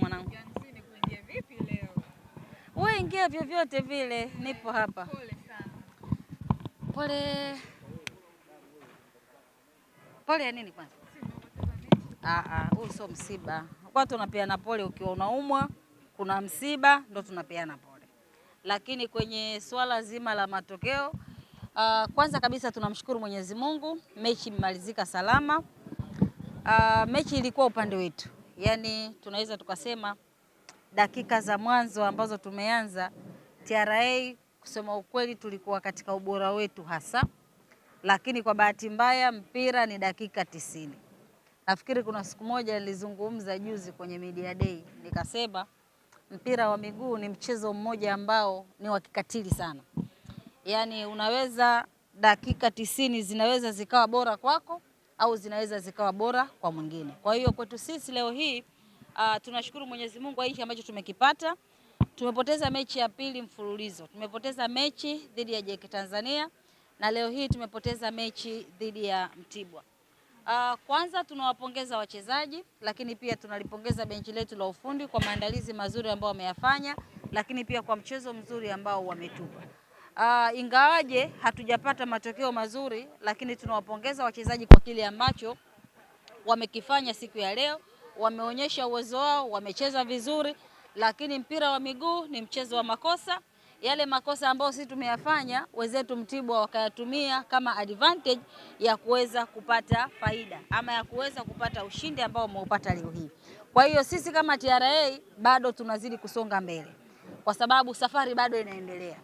Niambie mwanangu, wewe ingia vyovyote vile, nipo hapa. Pole sana. Pole pole ya nini kwanza? Ah, ah, Huu sio msiba, kwa tunapeana pole ukiwa unaumwa, kuna msiba ndo tunapeana pole, lakini kwenye swala zima la matokeo Uh, kwanza kabisa tunamshukuru Mwenyezi Mungu, mechi imemalizika salama. Uh, mechi ilikuwa upande wetu, yani tunaweza tukasema dakika za mwanzo ambazo tumeanza TRA, kusema ukweli, tulikuwa katika ubora wetu hasa, lakini kwa bahati mbaya mpira ni dakika tisini. Nafikiri kuna siku moja nilizungumza juzi kwenye media day, nikasema mpira wa miguu ni mchezo mmoja ambao ni wa kikatili sana, yaani unaweza dakika tisini zinaweza zikawa bora kwako au zinaweza zikawa bora kwa mwingine. Kwa hiyo kwetu sisi leo hii uh, tunashukuru Mwenyezi Mungu kwa hiki ambacho tumekipata. Tumepoteza mechi ya pili mfululizo, tumepoteza mechi dhidi ya JK Tanzania na leo hii tumepoteza mechi dhidi ya Mtibwa. Uh, kwanza tunawapongeza wachezaji, lakini pia tunalipongeza benchi letu la ufundi kwa maandalizi mazuri ambayo wameyafanya, lakini pia kwa mchezo mzuri ambao wametupa. Uh, ingawaje hatujapata matokeo mazuri, lakini tunawapongeza wachezaji kwa kile ambacho wamekifanya siku ya leo. Wameonyesha uwezo wao, wamecheza vizuri, lakini mpira wa miguu ni mchezo wa makosa. Yale makosa ambayo sisi tumeyafanya, wenzetu Mtibwa wakayatumia kama advantage ya kuweza kupata faida ama ya kuweza kupata ushindi ambao wameupata leo hii. Kwa hiyo sisi kama TRA bado tunazidi kusonga mbele, kwa sababu safari bado inaendelea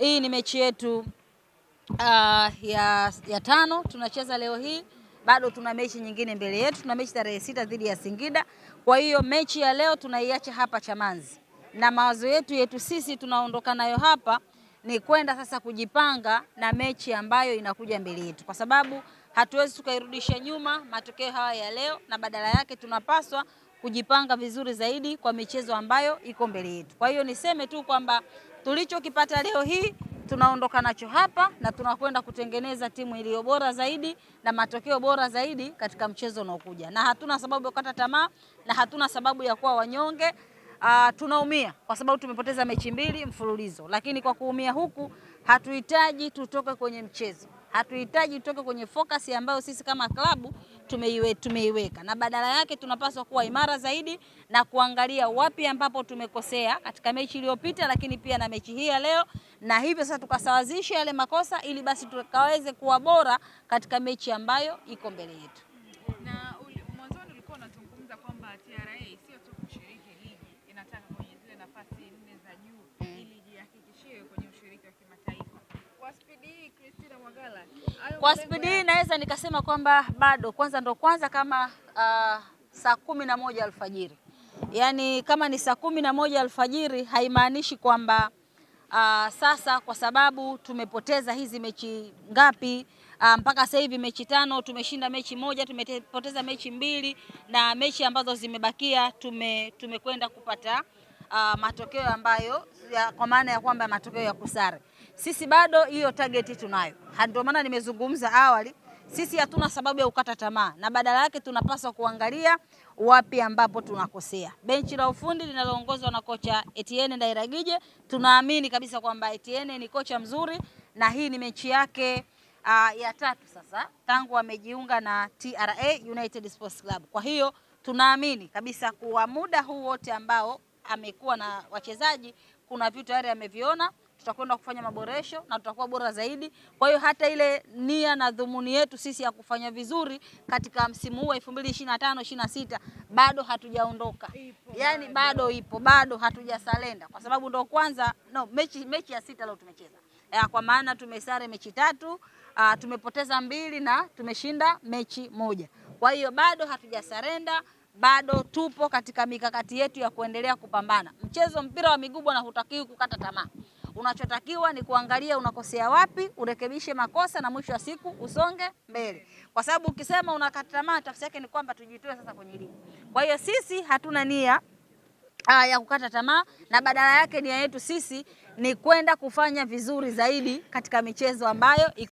hii ni mechi yetu uh, ya, ya tano tunacheza leo hii bado tuna mechi nyingine mbele yetu. Tuna mechi tarehe sita dhidi ya Singida. Kwa hiyo mechi ya leo tunaiacha hapa Chamazi, na mawazo yetu yetu sisi tunaondoka nayo hapa ni kwenda sasa kujipanga na mechi ambayo inakuja mbele yetu, kwa sababu hatuwezi tukairudisha nyuma matokeo haya ya leo, na badala yake tunapaswa kujipanga vizuri zaidi kwa michezo ambayo iko mbele yetu. Kwa hiyo niseme tu kwamba tulichokipata leo hii tunaondoka nacho hapa na tunakwenda kutengeneza timu iliyo bora zaidi na matokeo bora zaidi katika mchezo unaokuja, na hatuna sababu ya kukata tamaa na hatuna sababu ya kuwa wanyonge. Uh, tunaumia kwa sababu tumepoteza mechi mbili mfululizo, lakini kwa kuumia huku hatuhitaji tutoke kwenye mchezo. Hatuhitaji toke kwenye focus ambayo sisi kama klabu tumeiwe, tumeiweka na badala yake tunapaswa kuwa imara zaidi na kuangalia wapi ambapo tumekosea katika mechi iliyopita, lakini pia na mechi hii ya leo, na hivyo sasa tukasawazisha yale makosa ili basi tukaweze kuwa bora katika mechi ambayo iko mbele yetu na Kwa spidi naweza nikasema kwamba bado kwanza ndo kwanza kama uh, saa kumi na moja alfajiri, yaani kama ni saa kumi na moja alfajiri haimaanishi kwamba uh, sasa kwa sababu tumepoteza hizi mechi ngapi ah, mpaka sasa hivi mechi tano, tumeshinda mechi moja, tumepoteza mechi mbili na mechi ambazo zimebakia tume tumekwenda kupata uh, matokeo ambayo ya, kwa maana ya kwamba matokeo ya kusare sisi bado hiyo target tunayo. Ndio maana nimezungumza awali, sisi hatuna sababu ya kukata tamaa, na badala yake tunapaswa kuangalia wapi ambapo tunakosea. Benchi la ufundi linaloongozwa na kocha Etienne Ndairagije, tunaamini kabisa kwamba Etienne ni kocha mzuri, na hii ni mechi yake uh, ya tatu sasa tangu amejiunga na TRA United Sports Club. Kwa hiyo tunaamini kabisa kuwa muda huu wote ambao amekuwa na wachezaji kuna vitu tayari ameviona tutakwenda kufanya maboresho na tutakuwa bora zaidi. Kwa hiyo hata ile nia na dhumuni yetu sisi ya kufanya vizuri katika msimu huu wa 2025 26 bado hatujaondoka, yaani bado ipo, bado hatujasalenda, kwa sababu ndo kwanza no, mechi, mechi ya sita leo tumecheza ya, eh, kwa maana tumesare mechi tatu a, ah, tumepoteza mbili na tumeshinda mechi moja. Kwa hiyo bado hatujasarenda bado tupo katika mikakati yetu ya kuendelea kupambana. Mchezo mpira wa miguu bwana, hutakiwi kukata tamaa. Unachotakiwa ni kuangalia unakosea wapi, urekebishe makosa na mwisho wa siku usonge mbele, kwa sababu ukisema unakata tamaa, tafsiri yake ni kwamba tujitoe sasa kwenye ligi. Kwa hiyo sisi hatuna nia aa, ah, ya kukata tamaa, na badala yake nia yetu sisi ni kwenda kufanya vizuri zaidi katika michezo ambayo iko